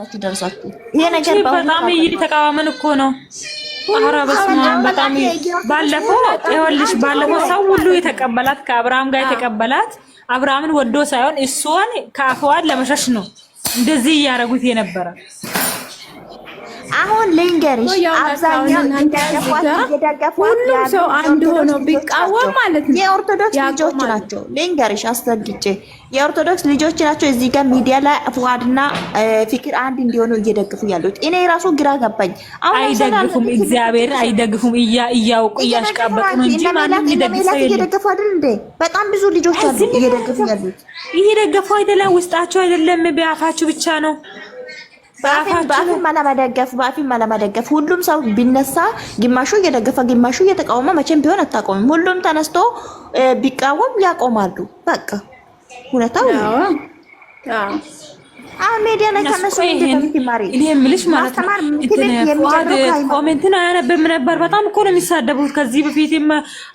አላችሁ ይሄ ነገር በጣም እኮ ነው። አረ በስመ አብ በጣም ባለፈው ይኸውልሽ፣ ባለፈው ሰው ሁሉ የተቀበላት ከአብርሃም ጋር የተቀበላት አብርሃምን ወዶ ሳይሆን እሷን ከአፍዋን ለመሸሽ ነው እንደዚህ እያደረጉት የነበረ አሁን ልንገርሽ፣ አብዛኛው ሁሉም ሰው አንድ ሆኖ ቢቃወም ማለት ነው የኦርቶዶክስ ልጆች ናቸው። ልንገርሽ አስረግጬ የኦርቶዶክስ ልጆች ናቸው። እዚህ ጋር ሚዲያ ላይ ፍዋድና ፍቅር አንድ እንዲሆኑ እየደግፉ ያሉት እኔ ራሱ ግራ ገባኝ። አይደግፉም፣ እግዚአብሔር አይደግፉም። እያውቁ እያሽቃበጡ ነው እንጂ ማንም ይደግፍ ሰው እየደገፉ አይደል እንዴ? በጣም ብዙ ልጆች አሉ እየደግፉ ያሉት። እየደገፉ አይደለም፣ ውስጣቸው አይደለም፣ ቢያፋችሁ ብቻ ነው በአፍም አለመደገፍ በአፍም አለመደገፍ ሁሉም ሰው ቢነሳ ግማሹ እየደገፈ ግማሹ እየተቃወመ መቼም ቢሆን አታቆምም። ሁሉም ተነስቶ ቢቃወም ያቆማሉ። በቃ ሁኔታው አሁን ሜዲያ ላይ ከነሱ እንድትማሪ እኔ የምልሽ ማለት ነው። ኮሜንትን አያነብም ነበር። በጣም እኮ ነው የሚሳደቡት። ከዚህ በፊትም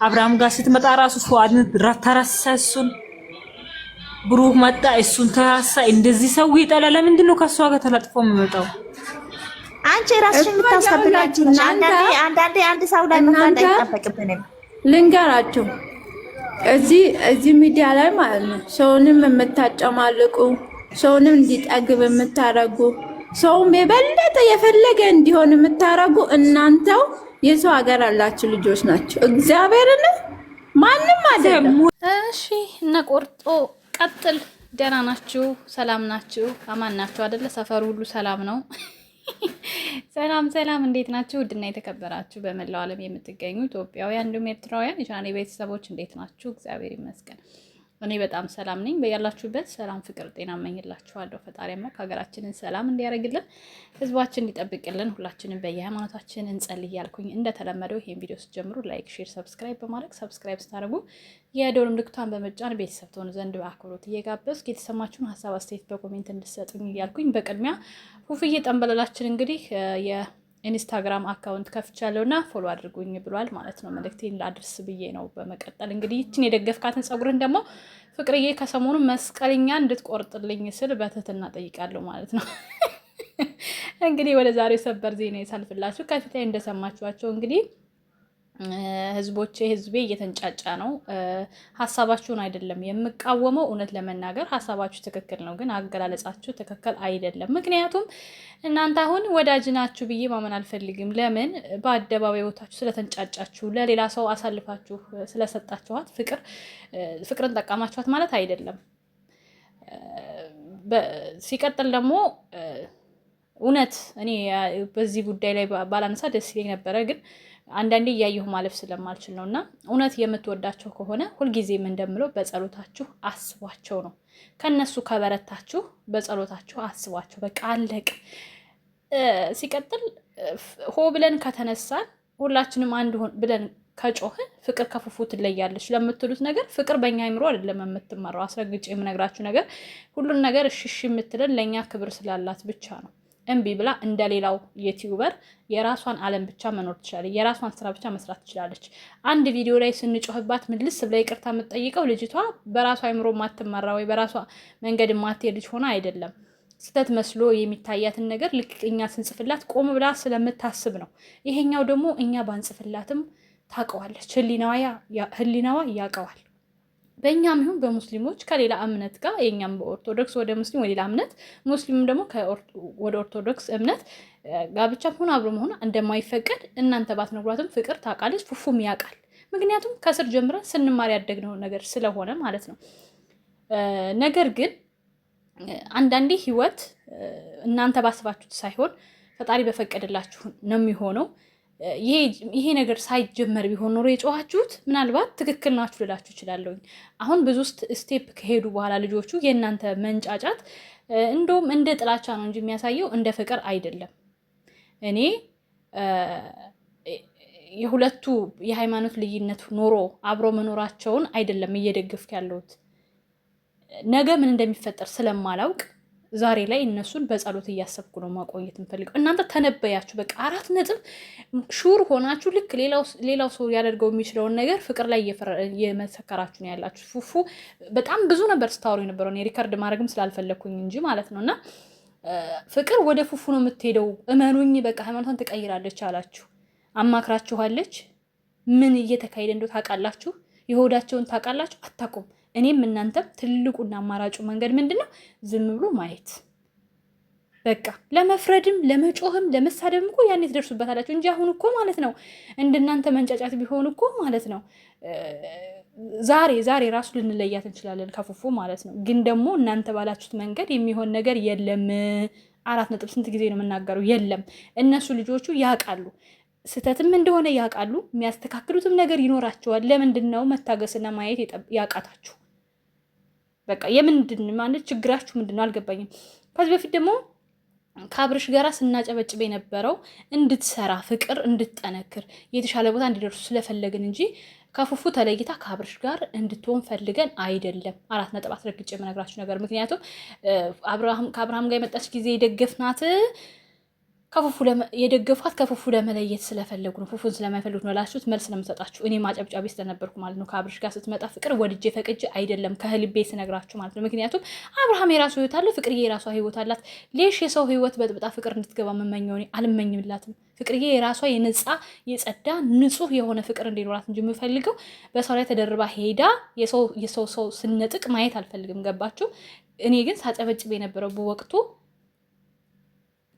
አብርሃም ጋር ስትመጣ ራሱ ፉአድን ራታራሰሱን ብሩህ መጣ፣ እሱን ተራሳ። እንደዚህ ሰው ይጠላ። ለምንድን ነው ከእሷ ጋር ተለጥፎ የሚመጣው? አንቺ ራስሽን የምታስከብላችሁ አንዳንዴ አንድ ሰው ላይ መፍረድ አይጠበቅብንም። ልንገራችሁ እዚህ እዚህ ሚዲያ ላይ ማለት ነው ሰውንም የምታጨማልቁ ሰውንም እንዲጠግብ የምታረጉ ሰውም የበለጠ የፈለገ እንዲሆን የምታረጉ እናንተው የሰው ሀገር ያላችሁ ልጆች ናቸው። እግዚአብሔርን ማንም አይደለም። እሺ እነ ቆርጦ ቀጥል። ደህና ናችሁ? ሰላም ናችሁ? አማን ናችሁ አደለ? ሰፈሩ ሁሉ ሰላም ነው። ሰላም ሰላም፣ እንዴት ናችሁ? ውድና የተከበራችሁ በመላው ዓለም የምትገኙ ኢትዮጵያውያን እንዲሁም ኤርትራውያን የቻናሌ ቤተሰቦች እንዴት ናችሁ? እግዚአብሔር ይመስገን። እኔ በጣም ሰላም ነኝ። በያላችሁበት ሰላም፣ ፍቅር፣ ጤና መኝላችኋለሁ። ፈጣሪ አምላክ ሀገራችንን ሰላም እንዲያደርግልን፣ ህዝባችን እንዲጠብቅልን፣ ሁላችንም በየሃይማኖታችን እንጸልይ ያልኩኝ እንደተለመደው ይህን ቪዲዮ ስጀምሩ ላይክ፣ ሼር፣ ሰብስክራይብ በማድረግ ሰብስክራይብ ስታደርጉ የደወል ምልክቷን በመጫን ቤተሰብ ትሆኑ ዘንድ በአክብሮት እየጋበዝኩ የተሰማችሁን ሀሳብ አስተያየት በኮሜንት እንድሰጡኝ እያልኩኝ በቅድሚያ ሁፍዬ ጠንበለላችን እንግዲህ ኢንስታግራም አካውንት ከፍቻለሁ እና ፎሎ አድርጉኝ ብሏል ማለት ነው። መልእክቴን ላድርስ ብዬ ነው። በመቀጠል እንግዲህ ይችን የደገፍካትን ፀጉርን ደግሞ ፍቅርዬ ከሰሞኑ መስቀልኛ እንድትቆርጥልኝ ስል በትህትና ጠይቃለሁ ማለት ነው። እንግዲህ ወደ ዛሬው ሰበር ዜና የሳልፍላችሁ ከፊት ላይ እንደሰማችኋቸው እንግዲህ ህዝቦቼ ህዝቤ እየተንጫጫ ነው። ሀሳባችሁን አይደለም የምቃወመው። እውነት ለመናገር ሀሳባችሁ ትክክል ነው፣ ግን አገላለጻችሁ ትክክል አይደለም። ምክንያቱም እናንተ አሁን ወዳጅ ናችሁ ብዬ ማመን አልፈልግም። ለምን በአደባባይ ቦታችሁ ስለተንጫጫችሁ ለሌላ ሰው አሳልፋችሁ ስለሰጣችኋት ፍቅር ፍቅርን ጠቀማችኋት ማለት አይደለም። ሲቀጥል ደግሞ እውነት እኔ በዚህ ጉዳይ ላይ ባላነሳ ደስ ይለኝ ነበረ ግን አንዳንዴ እያየሁ ማለፍ ስለማልችል ነው እና እውነት የምትወዳቸው ከሆነ ሁልጊዜም እንደምለው በጸሎታችሁ አስቧቸው ነው። ከነሱ ከበረታችሁ በጸሎታችሁ አስቧቸው። በቃ አለቅ። ሲቀጥል ሆ ብለን ከተነሳን ሁላችንም አንድ ሆን ብለን ከጮህ ፍቅር ከፉፉ ትለያለች ለምትሉት ነገር ፍቅር በእኛ አይምሮ አይደለም የምትመራው። አስረግጬ የምነግራችሁ ነገር ሁሉን ነገር እሽሽ የምትለን ለእኛ ክብር ስላላት ብቻ ነው። እምቢ ብላ እንደሌላው ዩቲዩበር የራሷን ዓለም ብቻ መኖር ትችላለች። የራሷን ስራ ብቻ መስራት ትችላለች። አንድ ቪዲዮ ላይ ስንጮህባት ምልስ ብላ ይቅርታ የምትጠይቀው ልጅቷ በራሷ አይምሮ ማትመራ ወይ በራሷ መንገድ ማትሄድ ልጅ ሆና አይደለም። ስህተት መስሎ የሚታያትን ነገር ልክ እኛ ስንጽፍላት ቆም ብላ ስለምታስብ ነው። ይሄኛው ደግሞ እኛ ባንጽፍላትም ታውቀዋለች። ህሊናዋ ያውቀዋል። በእኛም ይሁን በሙስሊሞች ከሌላ እምነት ጋር የኛም በኦርቶዶክስ ወደ ሙስሊም ወደ ሌላ እምነት ሙስሊምም ደግሞ ወደ ኦርቶዶክስ እምነት ጋብቻ ሆነ አብሮ መሆን እንደማይፈቀድ እናንተ ባትነግሯትም ፍቅር ታውቃለች፣ ፉፉም ያውቃል። ምክንያቱም ከስር ጀምረን ስንማር ያደግነው ነገር ስለሆነ ማለት ነው። ነገር ግን አንዳንዴ ህይወት እናንተ ባስባችሁት ሳይሆን ፈጣሪ በፈቀደላችሁ ነው የሚሆነው። ይሄ ነገር ሳይጀመር ቢሆን ኖሮ የጨዋችሁት ምናልባት ትክክል ናችሁ ልላችሁ እችላለሁኝ። አሁን ብዙ ስቴፕ ከሄዱ በኋላ ልጆቹ የእናንተ መንጫጫት እንደውም እንደ ጥላቻ ነው እንጂ የሚያሳየው እንደ ፍቅር አይደለም። እኔ የሁለቱ የሃይማኖት ልዩነት ኖሮ አብሮ መኖራቸውን አይደለም እየደገፍኩ ያለሁት ነገ ምን እንደሚፈጠር ስለማላውቅ ዛሬ ላይ እነሱን በጸሎት እያሰብኩ ነው ማቆየት የምፈልገው። እናንተ ተነበያችሁ፣ በቃ አራት ነጥብ ሹር ሆናችሁ ልክ ሌላው ሰው ያደርገው የሚችለውን ነገር ፍቅር ላይ እየመሰከራችሁ ነው ያላችሁ። ፉፉ በጣም ብዙ ነበር ስታወሩ የነበረው እኔ ሪከርድ ማድረግም ስላልፈለግኩኝ እንጂ ማለት ነው። እና ፍቅር ወደ ፉፉ ነው የምትሄደው፣ እመኑኝ፣ በቃ ሃይማኖቷን ትቀይራለች አላችሁ፣ አማክራችኋለች። ምን እየተካሄደ እንደው ታውቃላችሁ፣ የሆዳቸውን ታውቃላችሁ፣ አታውቁም እኔም እናንተም ትልቁና አማራጩ መንገድ ምንድን ነው? ዝም ብሎ ማየት። በቃ ለመፍረድም ለመጮህም ለመሳደብም እኮ ያኔ ትደርሱበታላችሁ እንጂ አሁን እኮ ማለት ነው እንደናንተ መንጫጫት ቢሆን እኮ ማለት ነው ዛሬ ዛሬ ራሱ ልንለያት እንችላለን ከፉፉ ማለት ነው። ግን ደግሞ እናንተ ባላችሁት መንገድ የሚሆን ነገር የለም። አራት ነጥብ ስንት ጊዜ ነው የምናገረው? የለም። እነሱ ልጆቹ ያውቃሉ። ስህተትም እንደሆነ ያውቃሉ። የሚያስተካክሉትም ነገር ይኖራቸዋል። ለምንድን ነው መታገስና ማየት ያቃታችሁ? በቃ የምንድን ማለት ችግራችሁ ምንድን ነው አልገባኝም። ከዚህ በፊት ደግሞ ከአብርሽ ጋር ስናጨበጭብ የነበረው እንድትሰራ ፍቅር እንድትጠነክር የተሻለ ቦታ እንዲደርሱ ስለፈለግን እንጂ ከፉፉ ተለይታ ከአብርሽ ጋር እንድትሆን ፈልገን አይደለም። አራት ነጥብ አስረግጬ የምነግራችሁ ነገር ምክንያቱም ከአብርሃም ጋር የመጣች ጊዜ የደገፍናት ከፉፉ የደገፏት ከፉፉ ለመለየት ስለፈለጉ ነው። ፉፉን ስለማይፈልጉ ነው ላችሁት መልስ ነው እኔ ማጨብጫቢ ስለነበርኩ ማለት ነው። ከአብርሽ ጋር ስትመጣ ፍቅር ወድጄ ፈቅጄ አይደለም ከህልቤ ስነግራችሁ ማለት ነው። ምክንያቱም አብርሃም የራሱ ህይወት አለ፣ ፍቅርዬ የራሷ ህይወት አላት። ሌሽ የሰው ህይወት በጥብጣ ፍቅር እንድትገባ የምመኘው አልመኝምላትም። ፍቅርዬ የራሷ የነጻ የጸዳ ንጹህ የሆነ ፍቅር እንዲኖራት እንጂ የምፈልገው በሰው ላይ ተደርባ ሄዳ የሰው ሰው ስነጥቅ ማየት አልፈልግም። ገባችሁ? እኔ ግን ሳጨበጭብ የነበረው በወቅቱ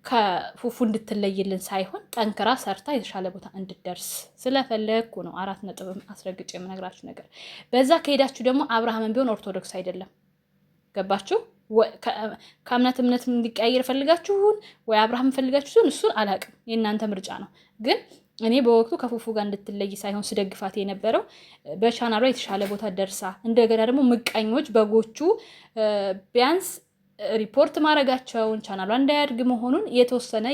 ከፉፉ እንድትለይልን ሳይሆን ጠንክራ ሰርታ የተሻለ ቦታ እንድትደርስ ስለፈለግኩ ነው። አራት ነጥብም አስረግጬ የምነግራችሁ ነገር በዛ ከሄዳችሁ ደግሞ አብርሃምን ቢሆን ኦርቶዶክስ አይደለም። ገባችሁ? ከእምነት እምነት እንዲቀያየር ፈልጋችሁን ወይ አብርሃም ፈልጋችሁ ሲሆን እሱን አላቅም፣ የእናንተ ምርጫ ነው። ግን እኔ በወቅቱ ከፉፉ ጋር እንድትለይ ሳይሆን ስደግፋት የነበረው በቻናሏ የተሻለ ቦታ ደርሳ እንደገና ደግሞ ምቀኞች በጎቹ ቢያንስ ሪፖርት ማድረጋቸውን ቻናሏ እንዳያድግ መሆኑን የተወሰነ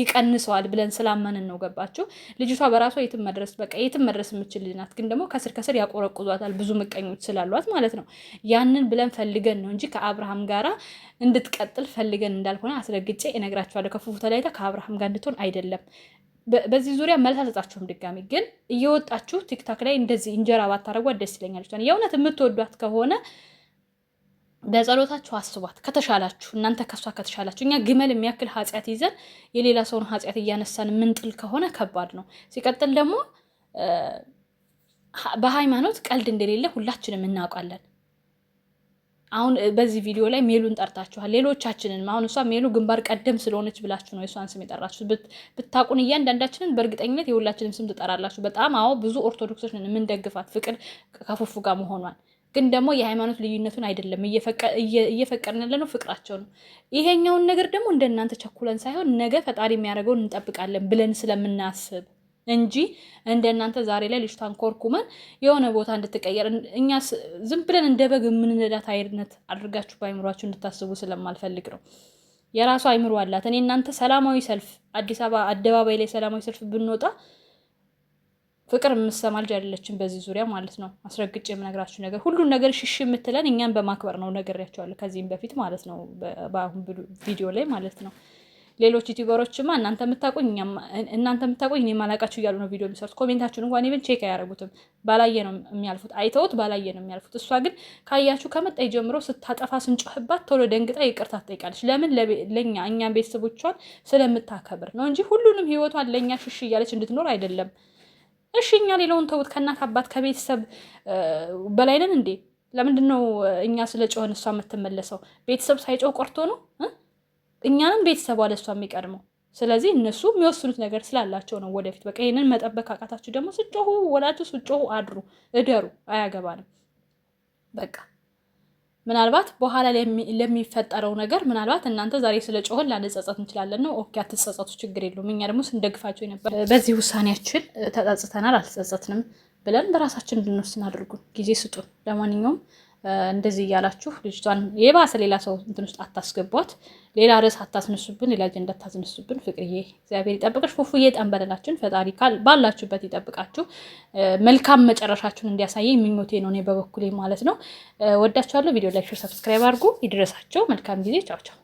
ይቀንሰዋል ብለን ስላመንን ነው። ገባችሁ? ልጅቷ በራሷ የትም መድረስ በቃ የትም መድረስ የምችል ናት። ግን ደግሞ ከስር ከስር ያቆረቁዟታል ብዙ ምቀኞች ስላሏት ማለት ነው። ያንን ብለን ፈልገን ነው እንጂ ከአብርሃም ጋራ እንድትቀጥል ፈልገን እንዳልሆነ አስረግጬ እነግራችኋለሁ። ከፉፉ ተለያይታ ከአብርሃም ጋር እንድትሆን አይደለም። በዚህ ዙሪያ መልስ አልሰጣችሁም። ድጋሚ ግን እየወጣችሁ ቲክታክ ላይ እንደዚህ እንጀራ ባታረጓት ደስ ይለኛል። የእውነት የምትወዷት ከሆነ በጸሎታችሁ አስቧት። ከተሻላችሁ እናንተ ከሷ ከተሻላችሁ፣ እኛ ግመል የሚያክል ኃጢአት ይዘን የሌላ ሰውን ኃጢአት እያነሳን ምንጥል ከሆነ ከባድ ነው። ሲቀጥል ደግሞ በሃይማኖት ቀልድ እንደሌለ ሁላችንም እናውቃለን። አሁን በዚህ ቪዲዮ ላይ ሜሉን ጠርታችኋል፣ ሌሎቻችንን አሁን እሷ ሜሉ ግንባር ቀደም ስለሆነች ብላችሁ ነው የእሷን ስም የጠራችሁ። ብታቁን እያንዳንዳችንን በእርግጠኝነት የሁላችንም ስም ትጠራላችሁ። በጣም አዎ፣ ብዙ ኦርቶዶክሶች ነን የምንደግፋት ፍቅር ከፉፉ ጋር መሆኗን ግን ደግሞ የሃይማኖት ልዩነቱን አይደለም እየፈቀድን ያለነው ፍቅራቸው ነው። ይሄኛውን ነገር ደግሞ እንደ እናንተ ቸኩለን ሳይሆን ነገ ፈጣሪ የሚያደርገውን እንጠብቃለን ብለን ስለምናስብ እንጂ እንደ እናንተ ዛሬ ላይ ልጅቷን ኮርኩመን የሆነ ቦታ እንድትቀየር እኛ ዝም ብለን እንደ በግ የምንነዳት አይነት አድርጋችሁ በአይምሯችሁ እንድታስቡ ስለማልፈልግ ነው። የራሷ አይምሮ አላት። እኔ እናንተ ሰላማዊ ሰልፍ አዲስ አበባ አደባባይ ላይ ሰላማዊ ሰልፍ ብንወጣ ፍቅር የምሰማ ልጅ አይደለችም በዚህ ዙሪያ ማለት ነው። አስረግጬ የምነግራችሁ ነገር ሁሉን ነገር ሽሽ የምትለን እኛን በማክበር ነው ነግሬያቸዋለሁ፣ ከዚህም በፊት ማለት ነው፣ በአሁን ቪዲዮ ላይ ማለት ነው። ሌሎች ዩቲዩበሮችማ እናንተ የምታቆኝ እናንተ የምታቆኝ እኔ ማላቃችሁ እያሉ ነው ቪዲዮ የሚሰሩት። ኮሜንታችሁን እንኳን ብን ቼክ አያደርጉትም። ባላየ ነው የሚያልፉት፣ አይተውት ባላየ ነው የሚያልፉት። እሷ ግን ካያችሁ ከመጣይ ጀምሮ ስታጠፋ ስንጮህባት ቶሎ ደንግጣ ይቅርታ ትጠይቃለች። ለምን ለእኛ እኛን ቤተሰቦቿን ስለምታከብር ነው እንጂ ሁሉንም ህይወቷን ለእኛ ሽሽ እያለች እንድትኖር አይደለም። እሺ እኛ ሌላውን ተውት። ከእናት አባት ከቤተሰብ በላይ ነን እንዴ? ለምንድን ነው እኛ ስለ ጮህን እሷ የምትመለሰው? ቤተሰብ ሳይጮህ ቆርቶ ነው? እኛንም ቤተሰቧ እሷ የሚቀድመው። ስለዚህ እነሱ የሚወስኑት ነገር ስላላቸው ነው። ወደፊት በቃ ይህንን መጠበቅ አቃታችሁ ደግሞ ስጮሁ ወላችሁ ስጮሁ አድሩ፣ እደሩ። አያገባንም በቃ ምናልባት በኋላ ለሚፈጠረው ነገር ምናልባት እናንተ ዛሬ ስለ ጮህን ላንጸጸት እንችላለን ነው። ኦኬ አትጸጸቱ፣ ችግር የለውም። እኛ ደግሞ ስንደግፋቸው ነበር። በዚህ ውሳኔያችን ተጸጽተናል፣ አልጸጸትንም ብለን በራሳችን እንድንወስን አድርጉን፣ ጊዜ ስጡን። ለማንኛውም እንደዚህ እያላችሁ ልጅቷን የባሰ ሌላ ሰው እንትን ውስጥ አታስገቧት። ሌላ ርዕስ አታስነሱብን፣ ሌላ አጀንዳ አታስነሱብን። ፍቅርዬ እግዚአብሔር ይጠብቅሽ። ፉፉዬ ጠንበለላችን ፈጣሪ ካል ባላችሁበት ይጠብቃችሁ። መልካም መጨረሻችሁን እንዲያሳየ ምኞቴ ነው፣ እኔ በበኩሌ ማለት ነው። ወዳችኋለሁ። ቪዲዮ ላይክ፣ ሼር፣ ሰብስክራይብ አድርጉ። ይድረሳቸው። መልካም ጊዜ። ቻው ቻው